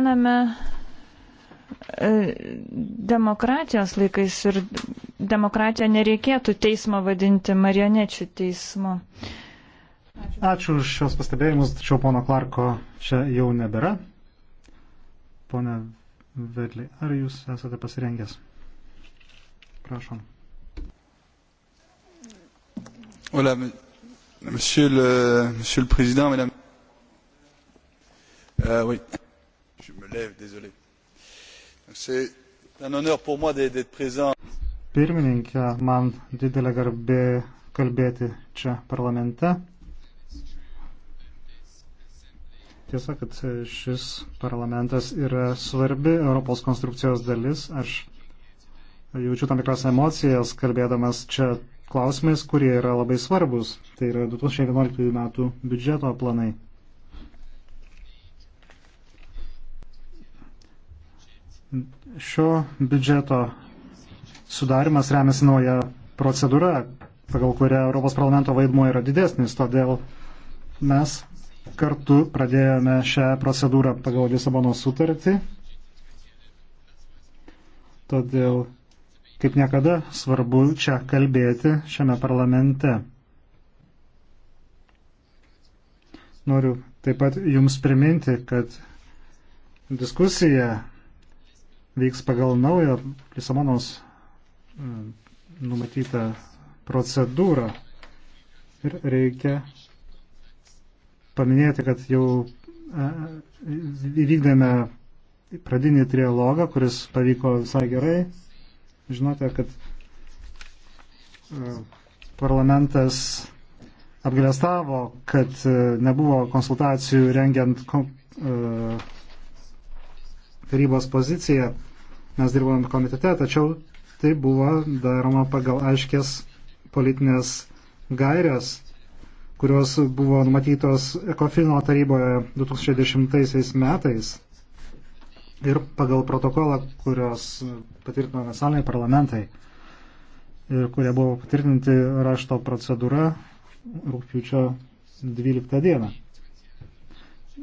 gyvename e, demokratijos laikais ir demokratiją nereikėtų teismo vadinti marionečių teismu. Ačiū. Ačiū už šios pastebėjimus, tačiau pono Klarko čia jau nebėra. Pone Vedlį, ar jūs esate pasirengęs? Prašom. Hola, monsieur le, monsieur le président, madame. Euh, oui je me lève, désolé. C'est un honneur pour moi d'être présent. Pirmininkė, man didelė garbė kalbėti čia parlamente. Tiesa, kad šis parlamentas yra svarbi Europos konstrukcijos dalis. Aš jaučiu tam tikras emocijas, kalbėdamas čia klausimais, kurie yra labai svarbus. Tai yra 2011 metų biudžeto planai. Šio biudžeto sudarimas remiasi nauja procedūra, pagal kurią Europos parlamento vaidmuo yra didesnis, todėl mes kartu pradėjome šią procedūrą pagal Lisabono sutartį. Todėl kaip niekada svarbu čia kalbėti šiame parlamente. Noriu taip pat Jums priminti, kad diskusija vyks pagal naują Lisabonos e, numatytą procedūrą. Ir reikia paminėti, kad jau e, e, įvykdėme pradinį trialogą, kuris pavyko visai gerai. Žinote, kad parlamentas apgalėstavo, kad nebuvo konsultacijų rengiant tarybos poziciją. Mes dirbome komitete, tačiau tai buvo daroma pagal aiškės politinės gairias, kurios buvo numatytos Ekofino taryboje 2010 metais ir pagal protokolą, kurios patvirtino nacionaliniai parlamentai ir kurie buvo patvirtinti rašto procedūra rūpiučio 12 dieną.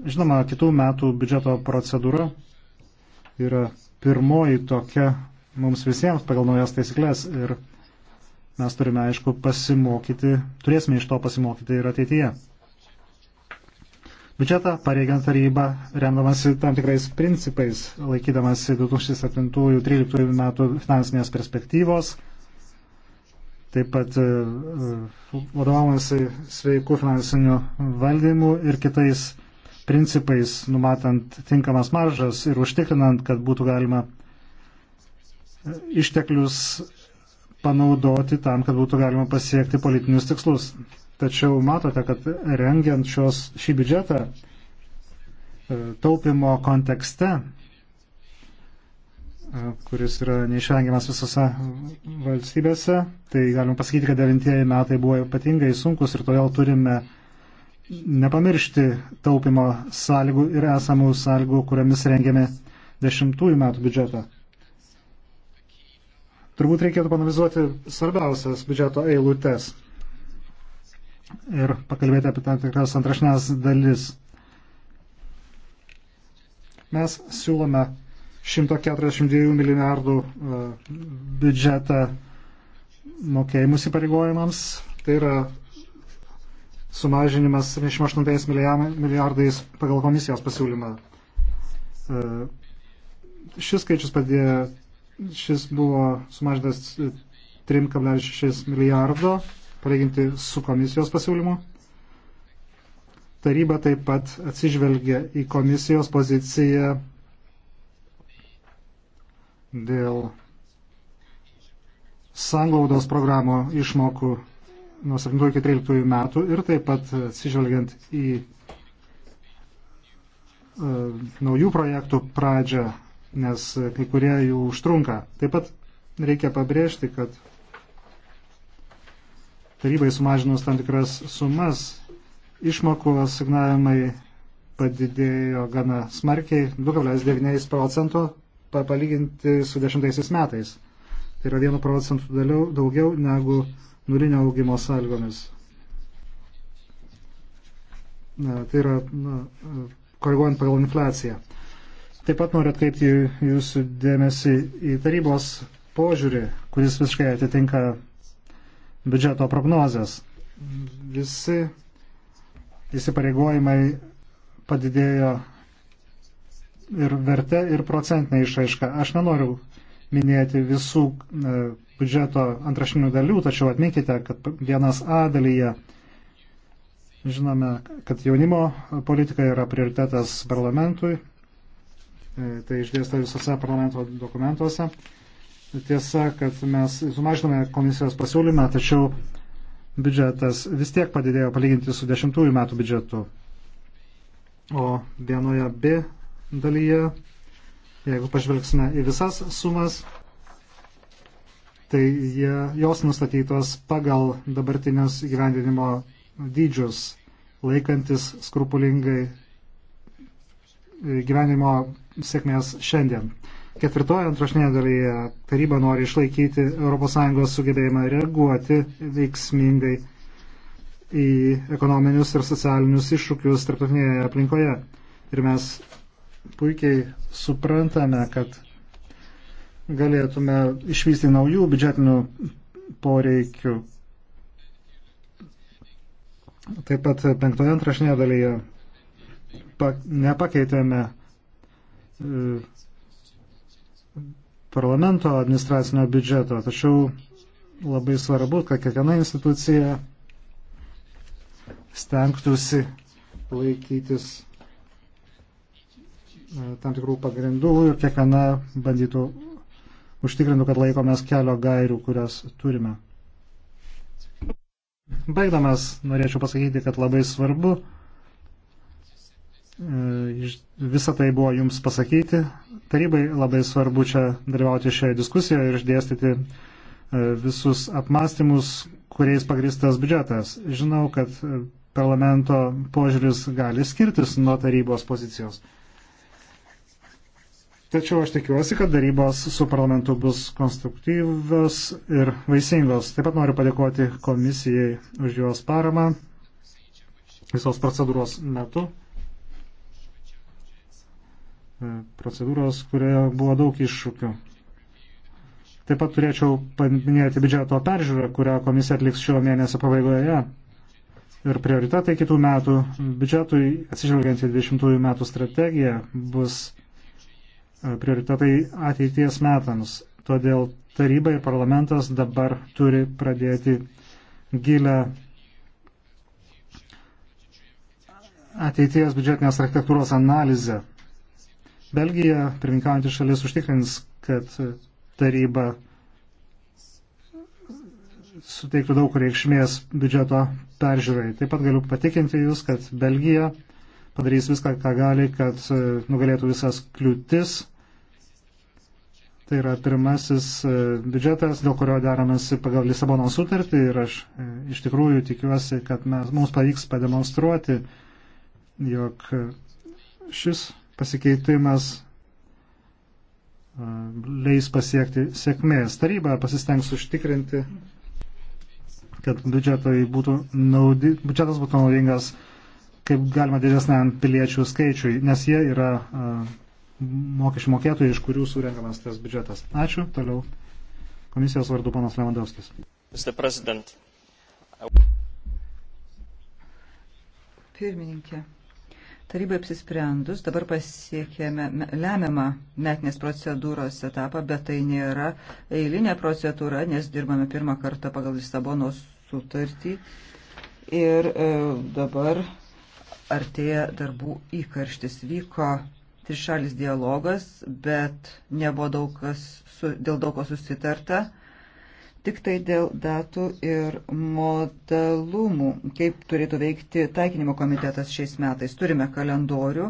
Žinoma, kitų metų biudžeto procedūra yra pirmoji tokia mums visiems pagal naujas taisyklės ir mes turime, aišku, pasimokyti, turėsime iš to pasimokyti ir ateityje. Biudžetą pareigiant tarybą, remdamasi tam tikrais principais, laikydamasi 2007-2013 metų finansinės perspektyvos, taip pat e, e, vadovavomasi sveikų finansinių valdymų ir kitais principais, numatant tinkamas maržas ir užtikrinant, kad būtų galima e, išteklius panaudoti tam, kad būtų galima pasiekti politinius tikslus. Tačiau matote, kad rengiant šios, šį biudžetą e, taupimo kontekste, e, kuris yra neišvengiamas visose valstybėse, tai galima pasakyti, kad devintieji metai buvo ypatingai sunkus ir todėl turime nepamiršti taupimo sąlygų ir esamų sąlygų, kuriamis rengiame dešimtųjų metų biudžetą. Turbūt reikėtų panalizuoti svarbiausias biudžeto eilutes ir pakalbėti apie tam tikras antrašnės dalis. Mes siūlome 142 milijardų e, biudžetą mokėjimus įpareigojimams. Tai yra sumažinimas 78 milijardais pagal komisijos pasiūlymą. E, šis skaičius padėjo, šis buvo sumažintas 3,6 milijardo, palyginti su komisijos pasiūlymu. Taryba taip pat atsižvelgia į komisijos poziciją dėl sanglaudos programų išmokų nuo 7 iki 13 metų ir taip pat atsižvelgiant į e, naujų projektų pradžią, nes kai kurie jų užtrunka. Taip pat reikia pabrėžti, kad tarybai sumažinus tam tikras sumas, išmokų asignavimai padidėjo gana smarkiai 2,9 procento palyginti su 10 metais. Tai yra 1 procentų daugiau negu nulinio augimo sąlygomis. Tai yra na, koreguojant pagal infliaciją. Taip pat noriu atkreipti jūsų dėmesį į tarybos požiūrį, kuris visiškai atitinka biudžeto prognozes. Visi įsipareigojimai padidėjo ir verte, ir procentinė išraiška. Aš nenoriu minėti visų biudžeto antrašinių dalių, tačiau atminkite, kad vienas A dalyje žinome, kad jaunimo politika yra prioritetas parlamentui, e, tai išdėsta visose parlamento dokumentuose. Tiesa, kad mes sumažinome komisijos pasiūlymą, tačiau biudžetas vis tiek padidėjo palyginti su dešimtųjų metų biudžetu. O vienoje B dalyje, jeigu pažvelgsime į visas sumas, tai jie, jos nustatytos pagal dabartinius gyvendinimo dydžius, laikantis skrupulingai e, gyvenimo sėkmės šiandien. Ketvirtoje antrašinėje dalyje taryba nori išlaikyti ES sugebėjimą reaguoti veiksmingai į ekonominius ir socialinius iššūkius tarptautinėje aplinkoje. Ir mes puikiai suprantame, kad galėtume išvysti naujų biudžetinių poreikių. Taip pat penktoje antrašinėje dalyje nepakeitėme e, parlamento administracinio biudžeto, tačiau labai svarbu, kad kiekviena institucija stengtųsi laikytis e, tam tikrų pagrindų ir kiekviena bandytų užtikrintų, kad laikomės kelio gairių, kurias turime. Baigdamas, norėčiau pasakyti, kad labai svarbu e, visą tai buvo jums pasakyti. Tarybai labai svarbu čia dalyvauti šioje diskusijoje ir išdėstyti e, visus apmąstymus, kuriais pagristas biudžetas. Žinau, kad e, parlamento požiūris gali skirtis nuo tarybos pozicijos. Tačiau aš tikiuosi, kad darybos su parlamentu bus konstruktyvios ir vaisingos. Taip pat noriu padėkoti komisijai už jos paramą visos procedūros metu. E, procedūros, kurioje buvo daug iššūkių. Taip pat turėčiau paminėti biudžeto peržiūrą, kurią komisija atliks šio mėnesio pabaigoje. Ir prioritetai kitų metų biudžetui, atsižvelgiant į 20 metų strategiją, bus prioritetai ateities metams. Todėl taryba ir parlamentas dabar turi pradėti gilę ateities biudžetinės architektūros analizę. Belgija, pirminkaujantį šalis, užtikrins, kad taryba suteiktų daug reikšmės biudžeto peržiūrai. Taip pat galiu patikinti Jūs, kad Belgija padarys viską, ką gali, kad nugalėtų visas kliūtis Tai yra pirmasis e, biudžetas, dėl kurio deramasi pagal Lisabono sutartį ir aš e, iš tikrųjų tikiuosi, kad mes, mums pavyks pademonstruoti, jog šis pasikeitimas e, leis pasiekti sėkmės. Taryba pasistengs užtikrinti, kad būtų naudi, biudžetas būtų naudingas kaip galima didesniam piliečių skaičiui, nes jie yra uh, mokesčių mokėtojų, iš kurių surenkamas tas biudžetas. Ačiū. Toliau komisijos vardu panas Levandovskis. Pirmininkė. Tarybai apsisprendus, dabar pasiekėme lemiamą metinės procedūros etapą, bet tai nėra eilinė procedūra, nes dirbame pirmą kartą pagal Lisabonos sutartį. Ir e, dabar artėja darbų įkarštis. Vyko trišalis dialogas, bet nebuvo daug kas, su, dėl daug ko susitarta, tik tai dėl datų ir modalumų, kaip turėtų veikti taikinimo komitetas šiais metais. Turime kalendorių,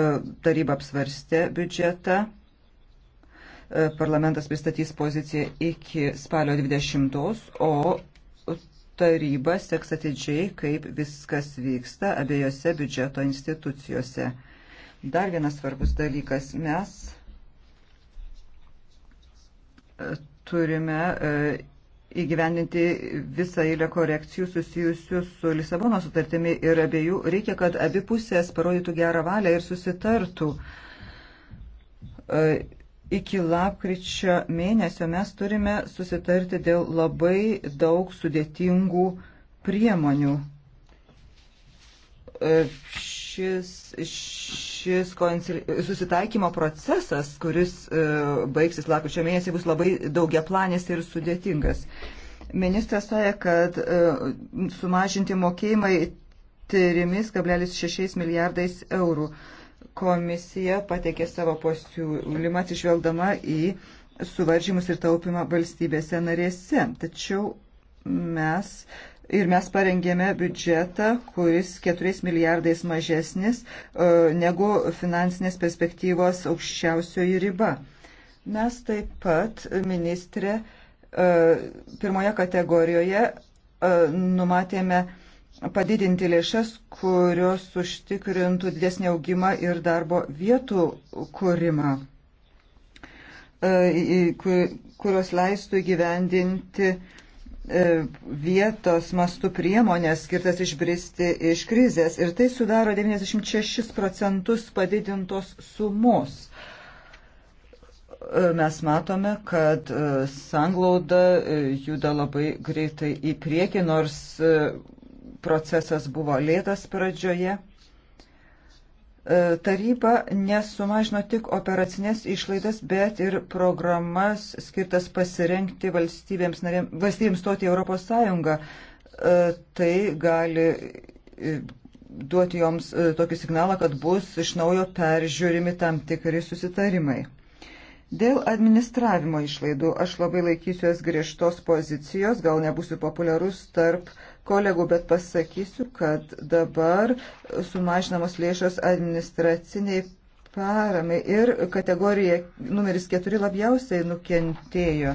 e, taryba apsvarstė biudžetą, e, parlamentas pristatys poziciją iki spalio 20, o taryba seks atidžiai, kaip viskas vyksta abiejose biudžeto institucijose. Dar vienas svarbus dalykas. Mes e, turime e, įgyvendinti visą eilę korekcijų susijusių su Lisabono sutartimi ir abiejų. Reikia, kad abi pusės parodytų gerą valią ir susitartų. E, iki lapkričio mėnesio mes turime susitarti dėl labai daug sudėtingų priemonių. Šis, š šis susitaikymo procesas, kuris e, baigsis lapkričio mėnesį, bus labai daugiaplanis ir sudėtingas. Ministras sąja, kad e, sumažinti mokėjimai 3,6 milijardais eurų. Komisija pateikė savo pasiūlymą atsižvelgdama į suvaržymus ir taupimą valstybėse narėse. Tačiau mes Ir mes parengėme biudžetą, kuris 4 milijardais mažesnis e, negu finansinės perspektyvos aukščiausioji riba. Mes taip pat, ministrė, e, pirmoje kategorijoje e, numatėme padidinti lėšas, kurios užtikrintų didesnį augimą ir darbo vietų kūrimą, kurios leistų įgyvendinti E, vietos mastų priemonės skirtas išbristi iš krizės ir tai sudaro 96 procentus padidintos sumos. E, mes matome, kad e, sanglauda juda labai greitai į priekį, nors procesas buvo lėtas pradžioje. E, taryba nesumažino tik operacinės išlaidas, bet ir programas skirtas pasirengti valstybėms, narėm, valstybėms stoti į Europos Sąjungą. E, tai gali e, duoti joms tokį signalą, kad bus iš naujo peržiūrimi tam tikri susitarimai. Dėl administravimo išlaidų aš labai laikysiuos griežtos pozicijos, gal nebūsiu populiarus tarp uh, kolegų, bet pasakysiu, kad dabar sumažinamos lėšos administraciniai paramai ir kategorija numeris 4 labiausiai nukentėjo.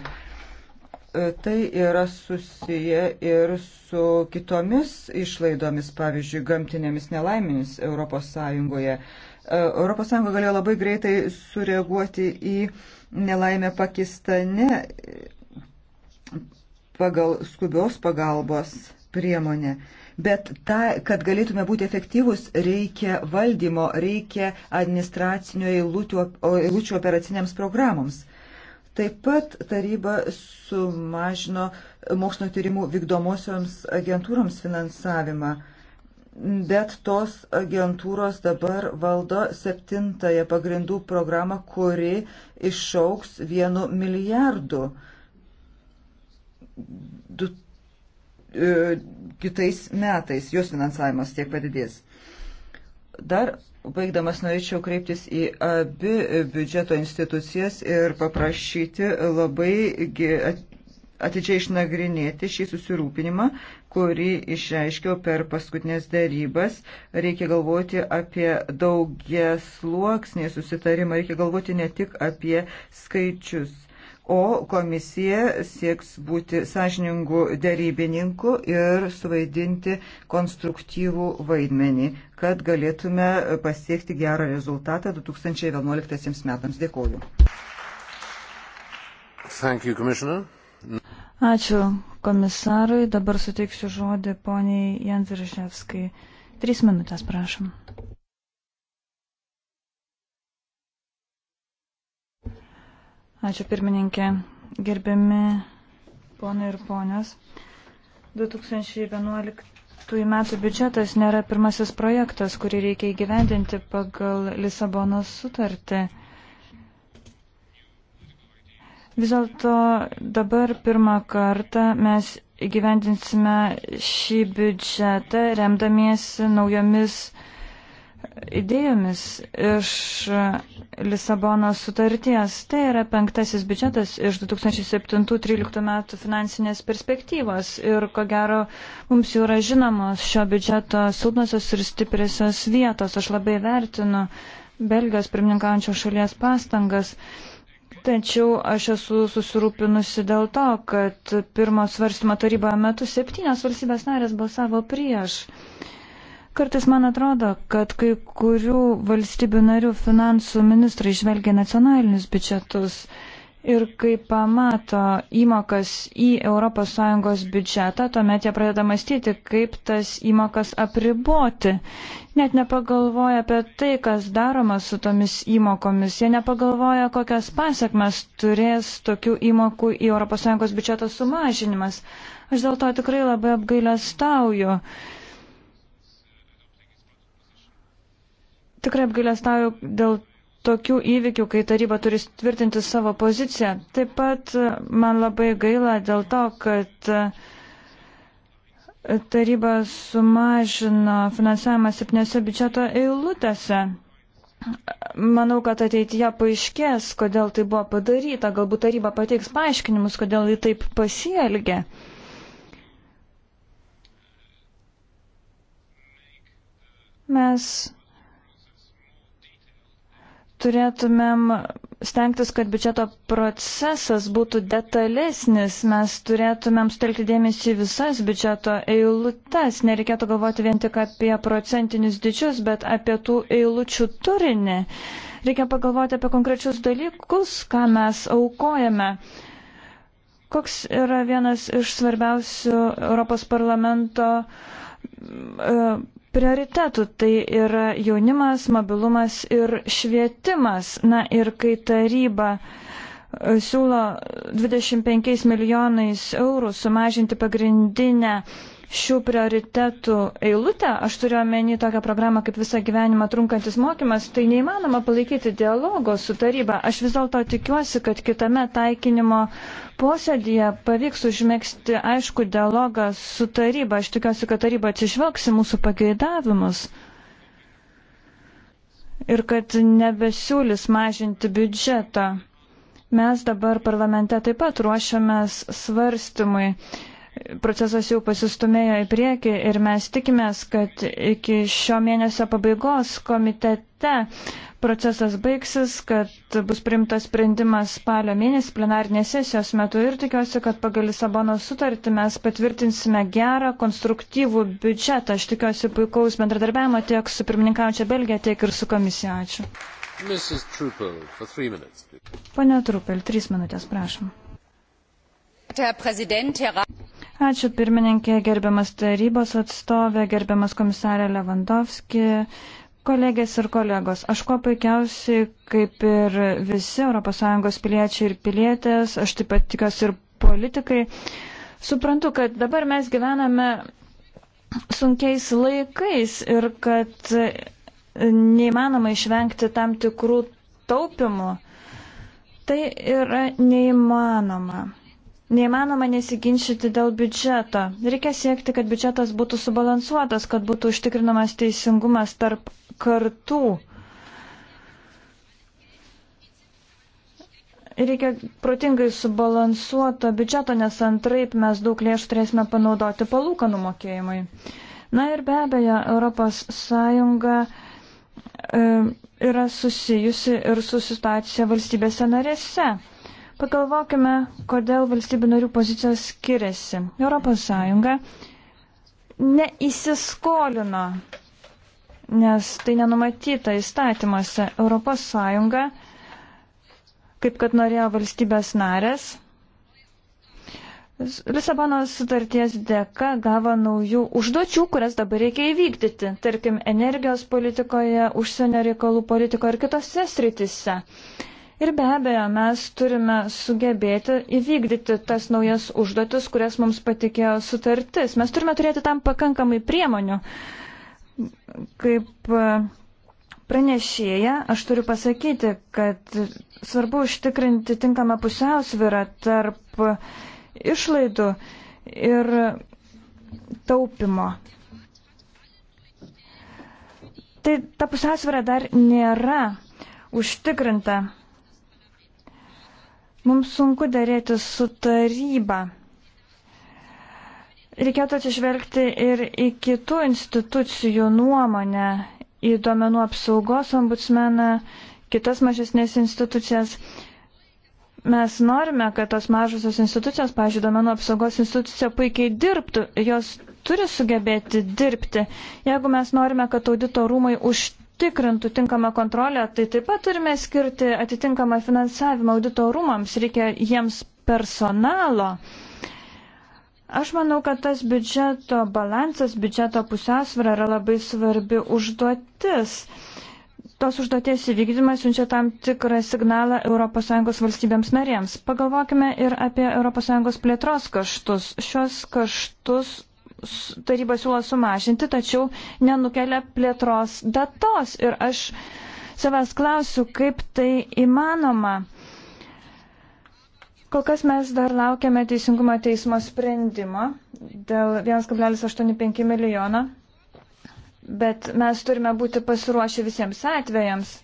E, tai yra susiję ir su kitomis išlaidomis, pavyzdžiui, gamtinėmis nelaimėmis ES. ES e, galėjo labai greitai sureaguoti į nelaimę Pakistane pagal skubios pagalbos priemonė. Bet ta, kad galėtume būti efektyvus, reikia valdymo, reikia administracinio eilučių operaciniams programoms. Taip pat taryba sumažino mokslo tyrimų vykdomosioms agentūroms finansavimą, bet tos agentūros dabar valdo septintąją pagrindų programą, kuri išauks vienu milijardu. E, kitais metais, jos finansavimas tiek padidės. Dar baigdamas norėčiau kreiptis į abi biudžeto institucijas ir paprašyti labai atidžiai išnagrinėti šį susirūpinimą, kurį išreiškiau per paskutinės darybas. Reikia galvoti apie daugies luoksnį susitarimą, reikia galvoti ne tik apie skaičius o komisija sieks būti sąžiningų dėrybininkų ir suvaidinti konstruktyvų vaidmenį, kad galėtume pasiekti gerą rezultatą 2011 metams. Dėkoju. Thank you, Ačiū komisarui. Dabar suteiksiu žodį poniai Janvirševskai. Trys minutės, prašom. Ačiū pirmininkė. Gerbiami ponai ir ponios. 2011 metų biudžetas nėra pirmasis projektas, kurį reikia įgyvendinti pagal Lisabonos sutartį. Vis dėlto dabar pirmą kartą mes įgyvendinsime šį biudžetą remdamiesi naujomis uh, idėjomis iš Lisabonos sutarties. Tai yra penktasis biudžetas iš 2007-2013 metų finansinės perspektyvos ir ko gero mums jau yra žinomos šio biudžeto silpnosios ir stipriosios vietos. Aš labai vertinu Belgijos pirmininkaujančios šalies pastangas. Tačiau aš esu susirūpinusi dėl to, kad pirmo svarstymo taryboje metu septynios valstybės narės balsavo prieš. Uh, Kartais man atrodo, kad kai kurių valstybių narių finansų ministrai žvelgia nacionalinius biudžetus ir kai pamato įmokas į ES biudžetą, tuomet jie pradeda mąstyti, kaip tas įmokas apriboti. Net nepagalvoja apie tai, kas daroma su tomis įmokomis. Jie nepagalvoja, kokias pasiekmes turės tokių įmokų į ES biudžetą sumažinimas. Aš dėl to tikrai labai apgailę stauju. Uh, Tikrai apgailestauju dėl tokių įvykių, kai taryba turi tvirtinti savo poziciją. Taip pat e, man labai gaila dėl to, kad e, taryba sumažino finansavimą septyniose biudžeto eilutėse. Manau, kad ateityje paaiškės, kodėl tai buvo padaryta. Galbūt taryba pateiks paaiškinimus, kodėl jį taip pasielgė. Mes turėtumėm stengtis, kad biudžeto procesas būtų detalesnis, mes turėtumėm sutelkti dėmesį į visas biudžeto eilutes, nereikėtų galvoti vien tik apie procentinius dydžius, bet apie tų eilučių turinį. Reikia pagalvoti apie konkrečius dalykus, ką mes aukojame. Koks yra vienas iš svarbiausių Europos parlamento e, prioritetų. Tai yra jaunimas, mobilumas ir švietimas. Na ir kai taryba e, siūlo 25 milijonais eurų sumažinti pagrindinę uh, šių prioritetų eilutę, aš turiu omeny tokią programą kaip visą gyvenimą trunkantis mokymas, tai neįmanoma palaikyti dialogo su taryba. Aš vis dėlto tikiuosi, kad kitame taikinimo posėdėje pavyks užmėgsti aišku dialogą su taryba. Aš tikiuosi, kad taryba atsižvelgsi mūsų pageidavimus. Ir kad nebesiūlis mažinti biudžetą. Mes dabar parlamente taip pat ruošiamės svarstymui procesas jau pasistumėjo į priekį ir mes tikimės, kad iki šio mėnesio pabaigos komitete procesas baigsis, kad bus primtas sprendimas spalio mėnesį plenarnės sesijos metu ir tikiuosi, kad pagal Lisabono sutartį mes patvirtinsime gerą, konstruktyvų biudžetą. Aš tikiuosi puikaus bendradarbiavimo tiek su pirmininkaučia Belgija, tiek ir su komisija. Ačiū. Pane Trupel, trys minutės, prašom. Herr Präsident, Herr Rat. Ačiū pirmininkė, gerbiamas tarybos atstovė, gerbiamas komisarė Levandovski, kolegės ir kolegos. Aš kuo puikiausiai, kaip ir visi ES piliečiai ir pilietės, aš taip pat tikiuosi ir politikai, suprantu, kad dabar mes gyvename sunkiais laikais ir kad neįmanoma išvengti tam tikrų taupimų. Tai yra neįmanoma. Neįmanoma nesiginčyti dėl biudžeto. Reikia siekti, kad biudžetas būtų subalansuotas, kad būtų užtikrinamas teisingumas tarp kartų. Reikia protingai subalansuoto biudžeto, nes antraip mes daug lėšų turėsime panaudoti palūkanų mokėjimui. Na ir be abejo, ES e, yra susijusi ir su situacija valstybėse narėse. Pagalvokime, kodėl valstybių narių pozicijos skiriasi. ES neįsiskolino, nes tai nenumatyta įstatymuose. ES, kaip kad norėjo valstybės narės, Lisabonos sutarties dėka gavo naujų užduočių, kurias dabar reikia įvykdyti, tarkim, energijos politikoje, užsienio reikalų politikoje ir kitose sritise. Ir be abejo, mes turime sugebėti įvykdyti tas naujas užduotis, kurias mums patikėjo sutartis. Mes turime turėti tam pakankamai priemonių. Kaip e, pranešėja, aš turiu pasakyti, kad svarbu užtikrinti tinkamą pusiausvyrą tarp išlaidų ir taupimo. Tai ta pusiausvyrą dar nėra užtikrinta. Mums sunku dėrėti su taryba. Reikėtų atsižvelgti ir į kitų institucijų nuomonę, į duomenų apsaugos ombudsmeną, kitas mažesnės institucijas. Mes norime, kad tos mažosios institucijos, pažiūrėjau, duomenų apsaugos institucija puikiai dirbtų, jos turi sugebėti dirbti. Jeigu mes norime, kad audito rūmai užtikrintų, užtikrintų tinkamą kontrolę, tai taip pat turime skirti atitinkamą finansavimą auditorumams, reikia jiems personalo. Aš manau, kad tas biudžeto balansas, biudžeto pusiausvara yra labai svarbi užduotis. Tos užduoties įvykdymas siunčia tam tikrą signalą ES valstybėms narėms. Pagalvokime ir apie ES plėtros kaštus. Šios kaštus taryba siūlo sumažinti, tačiau nenukelia plėtros datos. Ir aš savęs klausiu, kaip tai įmanoma. Kol kas mes dar laukiame Teisingumo teismo sprendimo dėl 1,85 milijono, bet mes turime būti pasiruošę visiems atvejams.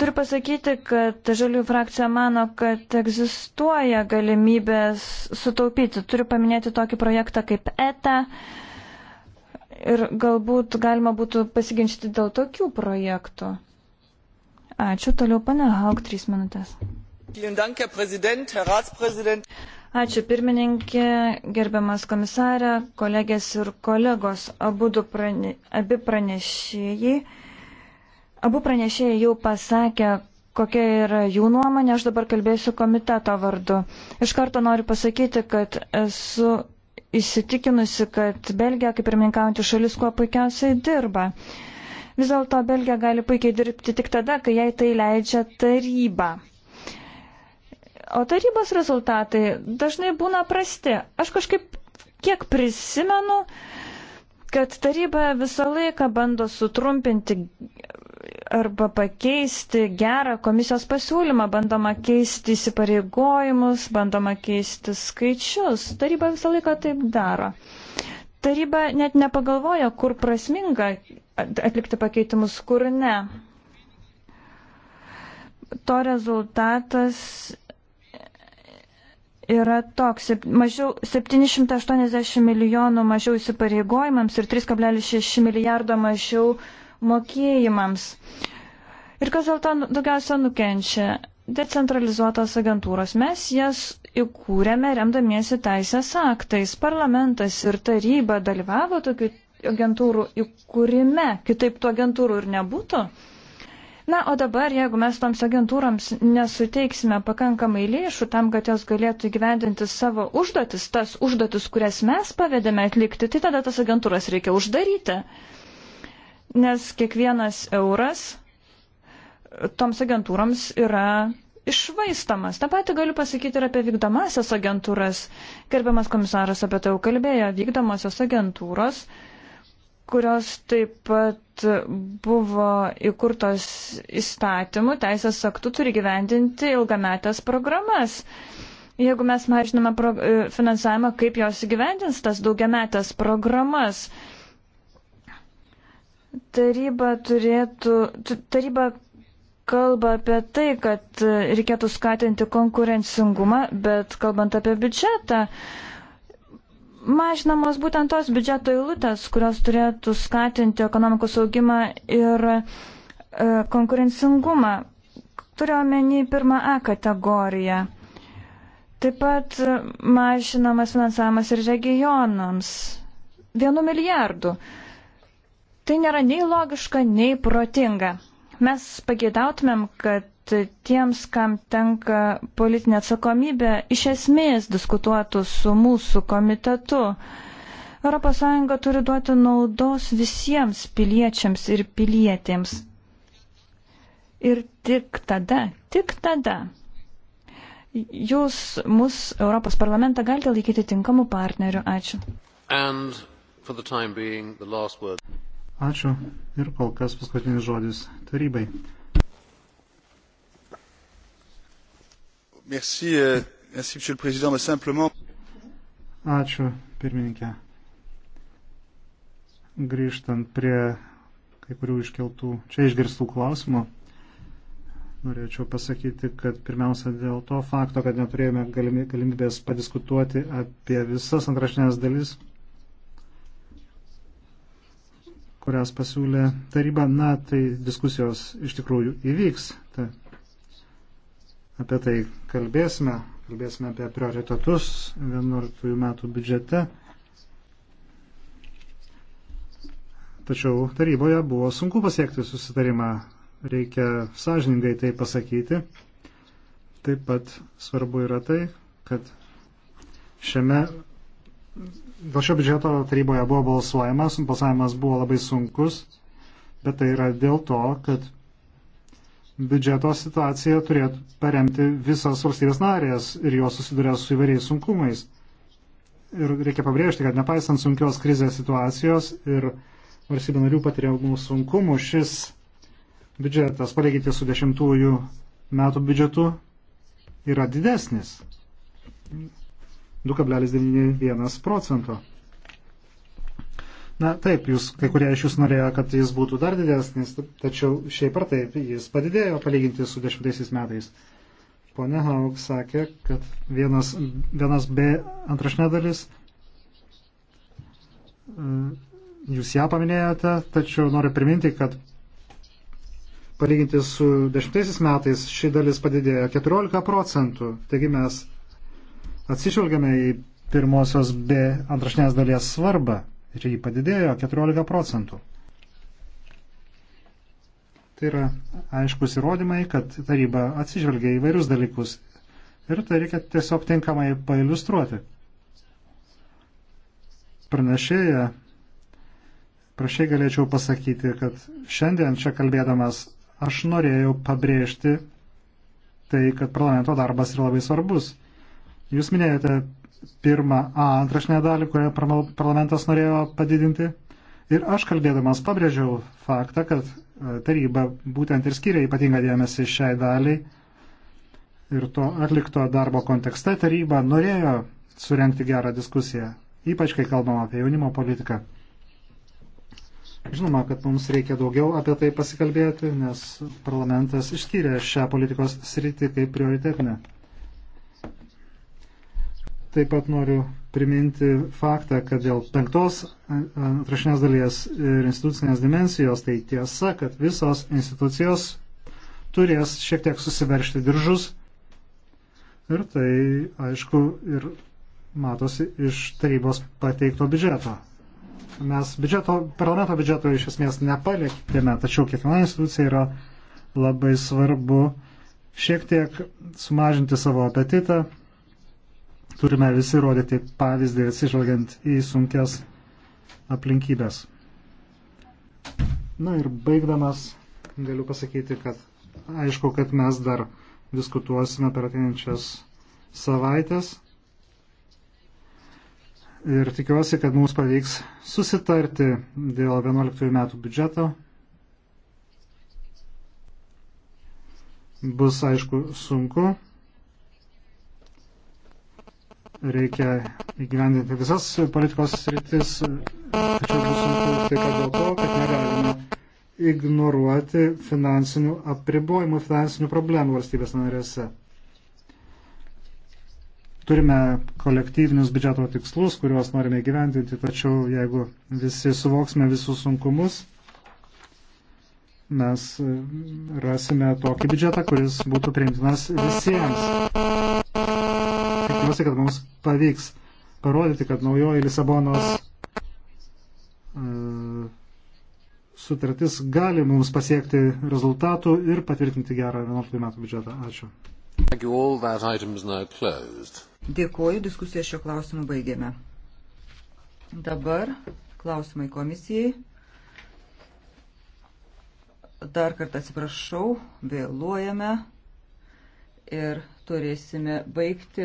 Turiu pasakyti, kad žaliųjų frakcija mano, kad egzistuoja galimybės sutaupyti. Turiu paminėti tokį projektą kaip ETA. E. Ir galbūt galima būtų pasiginčyti dėl tokių projektų. Ačiū. Toliau pane Haug, trys minutės. Ačiū pirmininkė, gerbiamas komisarė, kolegės ir kolegos, prane, abi pranešėjai Abu pranešėjai jau pasakė, kokia yra jų nuomonė, aš dabar kalbėsiu komiteto vardu. Iš karto noriu pasakyti, kad esu įsitikinusi, kad Belgija, kaip ir minkaujantį šalis, kuo puikiausiai dirba. Vis dėlto Belgija gali puikiai dirbti tik tada, kai jai tai leidžia taryba. O tarybos rezultatai dažnai būna prasti. Aš kažkaip kiek prisimenu, kad taryba visą laiką bando sutrumpinti arba pakeisti gerą komisijos pasiūlymą, bandoma keisti įsipareigojimus, bandoma keisti skaičius. Taryba visą laiką taip daro. Taryba net nepagalvoja, kur prasminga atlikti pakeitimus, kur ne. To rezultatas yra toks, mažiau 780 milijonų mažiau įsipareigojimams ir 3,6 milijardo mažiau uh, mokėjimams. Ir kas dėl to nu, daugiausia nukenčia? Decentralizuotos agentūros. Mes jas įkūrėme remdamiesi teisės aktais. Parlamentas ir taryba dalyvavo tokių agentūrų įkūrime, kitaip tų agentūrų ir nebūtų. Na, o dabar, jeigu mes toms agentūrams nesuteiksime pakankamai lėšų tam, kad jos galėtų gyvendinti savo užduotis, tas užduotis, kurias mes pavedėme atlikti, tai tada tas agentūras reikia uždaryti. Uh, nes kiekvienas euras toms agentūroms yra išvaistamas. Ta pati galiu pasakyti ir apie vykdomasias agentūras. Gerbiamas komisaras apie tai jau kalbėjo. Vykdomasios agentūros, kurios taip pat buvo įkurtos įstatymų, teisės aktų turi gyvendinti ilgametės programas. Jeigu mes mažiname finansavimą, kaip jos įgyvendins tas daugiametės programas? Taryba turėtų, taryba kalba apie tai, kad e, reikėtų skatinti konkurencingumą, bet kalbant apie biudžetą, mažinamos būtent tos biudžeto eilutės, kurios turėtų skatinti ekonomikos augimą ir e, konkurencingumą. Turiuomenį pirmą A kategoriją. Taip pat mažinamas finansavimas ir regionams. Vienu milijardu. E, Tai nėra nei logiška, nei protinga. Mes pageidautumėm, kad tiems, kam tenka politinė atsakomybė, iš esmės diskutuotų su mūsų komitetu. ES turi duoti naudos visiems piliečiams ir pilietėms. Ir tik tada, tik tada jūs mus Europos parlamentą galite laikyti tinkamu partneriu. Ačiū. Ačiū ir kol kas paskutinis žodis tarybai. Merci, euh, merci, monsieur le président, mais simplement. Ačiū, pirmininkė. Grįžtant prie kai kurių iškeltų čia išgirstų klausimų, norėčiau pasakyti, kad pirmiausia dėl to fakto, kad neturėjome galimybės padiskutuoti apie visas antrašinės dalis, kurias pasiūlė taryba, na, tai diskusijos iš tikrųjų įvyks. Tai apie tai kalbėsime, kalbėsime apie prioritetus 11 metų biudžete. Tačiau taryboje buvo sunku pasiekti susitarimą, reikia sąžiningai tai pasakyti. Taip pat svarbu yra tai, kad šiame Dėl šio biudžeto taryboje buvo balsuojamas, balsavimas buvo labai sunkus, bet tai yra dėl to, kad biudžeto situaciją turėtų paremti visas valstybės narės ir jos susiduria su įvairiais sunkumais. Ir reikia pabrėžti, kad nepaisant sunkios krizės situacijos ir valstybė narių patiriamų sunkumų, šis biudžetas, palyginti su dešimtųjų metų biudžetu, yra didesnis 2,91 procento. Na taip, jūs, kai kurie iš jūs norėjo, kad jis būtų dar didesnis, tačiau šiaip ar taip jis padidėjo palyginti su dešimtaisiais metais. Pone Haug sakė, kad vienas, vienas B antrašinė dalis, e, jūs ją paminėjote, tačiau noriu priminti, kad palyginti su dešimtaisiais metais ši dalis padidėjo 14 procentų, taigi mes atsižvelgiame į pirmosios B antrašinės dalies svarbą ir jį padidėjo 14 procentų. Tai yra aiškus įrodymai, kad taryba atsižvelgia į vairius dalykus ir tai reikia tiesiog tinkamai pailustruoti. Pranešėja, prašai galėčiau pasakyti, kad šiandien čia kalbėdamas aš norėjau pabrėžti tai, kad parlamento darbas yra labai svarbus Jūs minėjote pirmą A antrašinę dalį, kurią parlamentas norėjo padidinti. Ir aš kalbėdamas pabrėžiau faktą, kad e, taryba būtent ir skiria ypatingą dėmesį šiai daliai. Ir to atlikto darbo kontekste taryba norėjo surenkti gerą diskusiją, ypač kai kalbam apie jaunimo politiką. Žinoma, kad mums reikia daugiau apie tai pasikalbėti, nes parlamentas išskyrė šią politikos sritį kaip prioritetinę. Taip pat noriu priminti faktą, kad dėl penktos atrašinės dalies ir institucinės dimensijos, tai tiesa, kad visos institucijos turės šiek tiek susiveršti diržus. Ir tai, aišku, ir matosi iš tarybos pateikto biudžeto. Mes biudžeto, parlamento biudžeto iš esmės nepalėkėme, tačiau kiekviena institucija yra labai svarbu šiek tiek sumažinti savo apetitą turime visi rodyti pavyzdį atsižvelgiant į sunkias aplinkybės. Na ir baigdamas galiu pasakyti, kad aišku, kad mes dar diskutuosime per ateinančias savaitės. Ir tikiuosi, kad mums pavyks susitarti dėl 11 metų biudžeto. Bus aišku sunku, reikia įgyvendinti visas politikos sritis, tačiau bus sunku taip pat dėl to, kad negalima ignoruoti finansinių apribojimų, finansinių problemų valstybės narėse. Turime kolektyvinius biudžeto tikslus, kuriuos norime gyventinti, tačiau jeigu visi suvoksime visus sunkumus, mes rasime tokį biudžetą, kuris būtų priimtinas visiems tikiuosi, kad mums pavyks parodyti, kad naujoji Lisabonos e, sutartis gali mums pasiekti rezultatų ir patvirtinti gerą 11 metų biudžetą. Ačiū. Dėkuoju, diskusiją šio klausimu baigėme. Dabar klausimai komisijai. Dar kartą atsiprašau, vėluojame ir turėsime baigti.